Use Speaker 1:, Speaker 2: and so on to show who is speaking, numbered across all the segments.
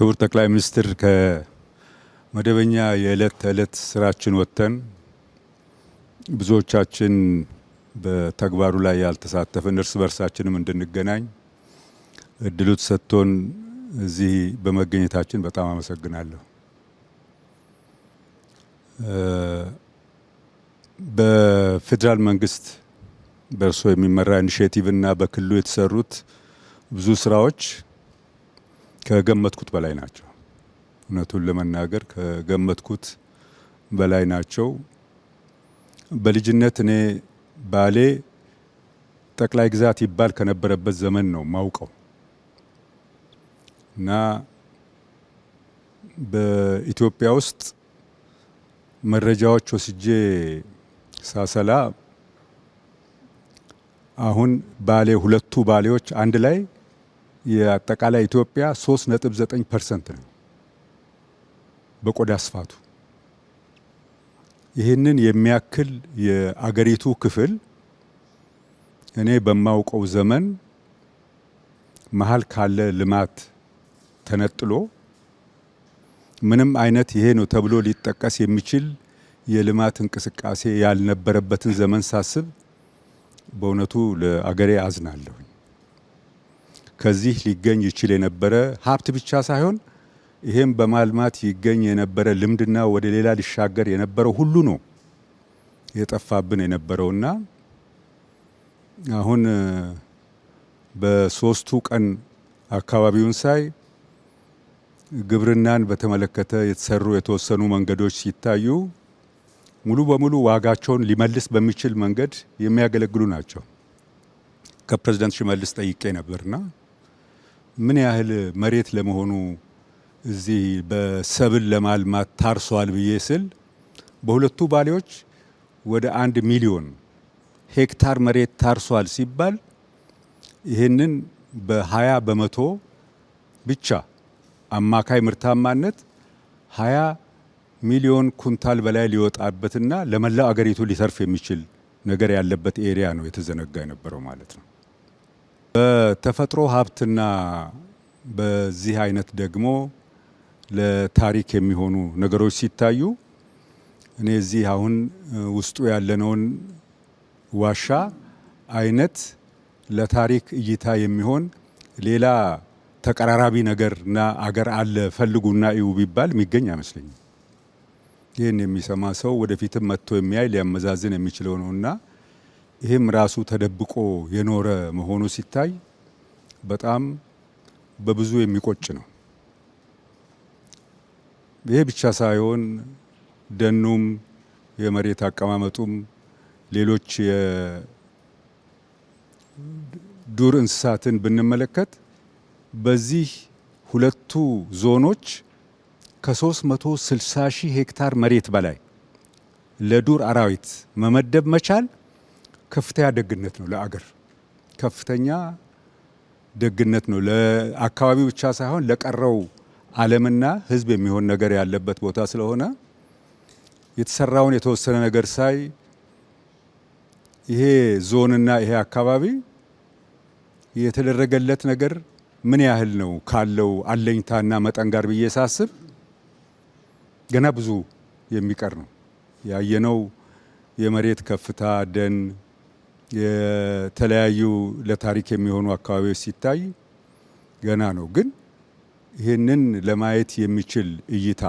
Speaker 1: ክቡር ጠቅላይ ሚኒስትር ከመደበኛ የዕለት ተዕለት ስራችን ወጥተን ብዙዎቻችን በተግባሩ ላይ ያልተሳተፍን እርስ በርሳችንም እንድንገናኝ እድሉ ተሰጥቶን እዚህ በመገኘታችን በጣም አመሰግናለሁ። በፌዴራል መንግስት በእርሶ የሚመራ ኢኒሽቲቭ እና በክልሉ የተሰሩት ብዙ ስራዎች ከገመትኩት በላይ ናቸው። እውነቱን ለመናገር ከገመትኩት በላይ ናቸው። በልጅነት እኔ ባሌ ጠቅላይ ግዛት ይባል ከነበረበት ዘመን ነው ማውቀው እና በኢትዮጵያ ውስጥ መረጃዎች ወስጄ ሳሰላ አሁን ባሌ ሁለቱ ባሌዎች አንድ ላይ የአጠቃላይ ኢትዮጵያ 3.9 ፐርሰንት ነው በቆዳ ስፋቱ። ይህንን የሚያክል የአገሪቱ ክፍል እኔ በማውቀው ዘመን መሀል ካለ ልማት ተነጥሎ ምንም አይነት ይሄ ነው ተብሎ ሊጠቀስ የሚችል የልማት እንቅስቃሴ ያልነበረበትን ዘመን ሳስብ በእውነቱ ለአገሬ አዝናለሁ። ከዚህ ሊገኝ ይችል የነበረ ሀብት ብቻ ሳይሆን ይሄም በማልማት ይገኝ የነበረ ልምድና ወደ ሌላ ሊሻገር የነበረው ሁሉ ነው የጠፋብን የነበረውና አሁን በሶስቱ ቀን አካባቢውን ሳይ ግብርናን በተመለከተ የተሰሩ የተወሰኑ መንገዶች ሲታዩ ሙሉ በሙሉ ዋጋቸውን ሊመልስ በሚችል መንገድ የሚያገለግሉ ናቸው። ከፕሬዝዳንት ሽመልስ ጠይቄ ነበርና ምን ያህል መሬት ለመሆኑ እዚህ በሰብል ለማልማት ታርሷል ብዬ ስል በሁለቱ ባሌዎች ወደ አንድ ሚሊዮን ሄክታር መሬት ታርሷል ሲባል ይህንን በሀያ በመቶ ብቻ አማካይ ምርታማነት ሀያ ሚሊዮን ኩንታል በላይ ሊወጣበትና ለመላው አገሪቱ ሊሰርፍ የሚችል ነገር ያለበት ኤሪያ ነው የተዘነጋ የነበረው ማለት ነው። በተፈጥሮ ሀብትና በዚህ አይነት ደግሞ ለታሪክ የሚሆኑ ነገሮች ሲታዩ እኔ እዚህ አሁን ውስጡ ያለነውን ዋሻ አይነት ለታሪክ እይታ የሚሆን ሌላ ተቀራራቢ ነገርና አገር አለ ፈልጉና እዩ ቢባል የሚገኝ አይመስለኝም። ይህን የሚሰማ ሰው ወደፊትም መጥቶ የሚያይ ሊያመዛዝን የሚችለው ነውና ይህም ራሱ ተደብቆ የኖረ መሆኑ ሲታይ በጣም በብዙ የሚቆጭ ነው። ይሄ ብቻ ሳይሆን ደኑም የመሬት አቀማመጡም ሌሎች የዱር እንስሳትን ብንመለከት በዚህ ሁለቱ ዞኖች ከ360 ሺህ ሄክታር መሬት በላይ ለዱር አራዊት መመደብ መቻል ከፍተኛ ደግነት ነው ለአገር ከፍተኛ ደግነት ነው ለአካባቢ ብቻ ሳይሆን ለቀረው ዓለምና ሕዝብ የሚሆን ነገር ያለበት ቦታ ስለሆነ የተሰራውን የተወሰነ ነገር ሳይ ይሄ ዞንና ይሄ አካባቢ የተደረገለት ነገር ምን ያህል ነው ካለው አለኝታና መጠን ጋር ብዬ ሳስብ ገና ብዙ የሚቀር ነው ያየነው የመሬት ከፍታ ደን የተለያዩ ለታሪክ የሚሆኑ አካባቢዎች ሲታይ ገና ነው። ግን ይህንን ለማየት የሚችል እይታ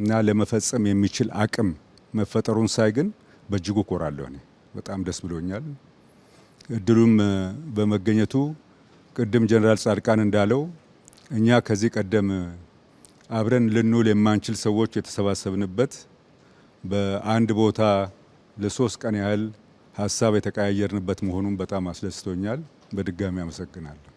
Speaker 1: እና ለመፈጸም የሚችል አቅም መፈጠሩን ሳይ ግን በእጅጉ ኮራለሁ። እኔ በጣም ደስ ብሎኛል። እድሉም በመገኘቱ ቅድም ጀነራል ጻድቃን እንዳለው እኛ ከዚህ ቀደም አብረን ልንውል የማንችል ሰዎች የተሰባሰብንበት በአንድ ቦታ ለሶስት ቀን ያህል ሀሳብ የተቀያየርንበት መሆኑን በጣም አስደስቶኛል። በድጋሚ አመሰግናለሁ።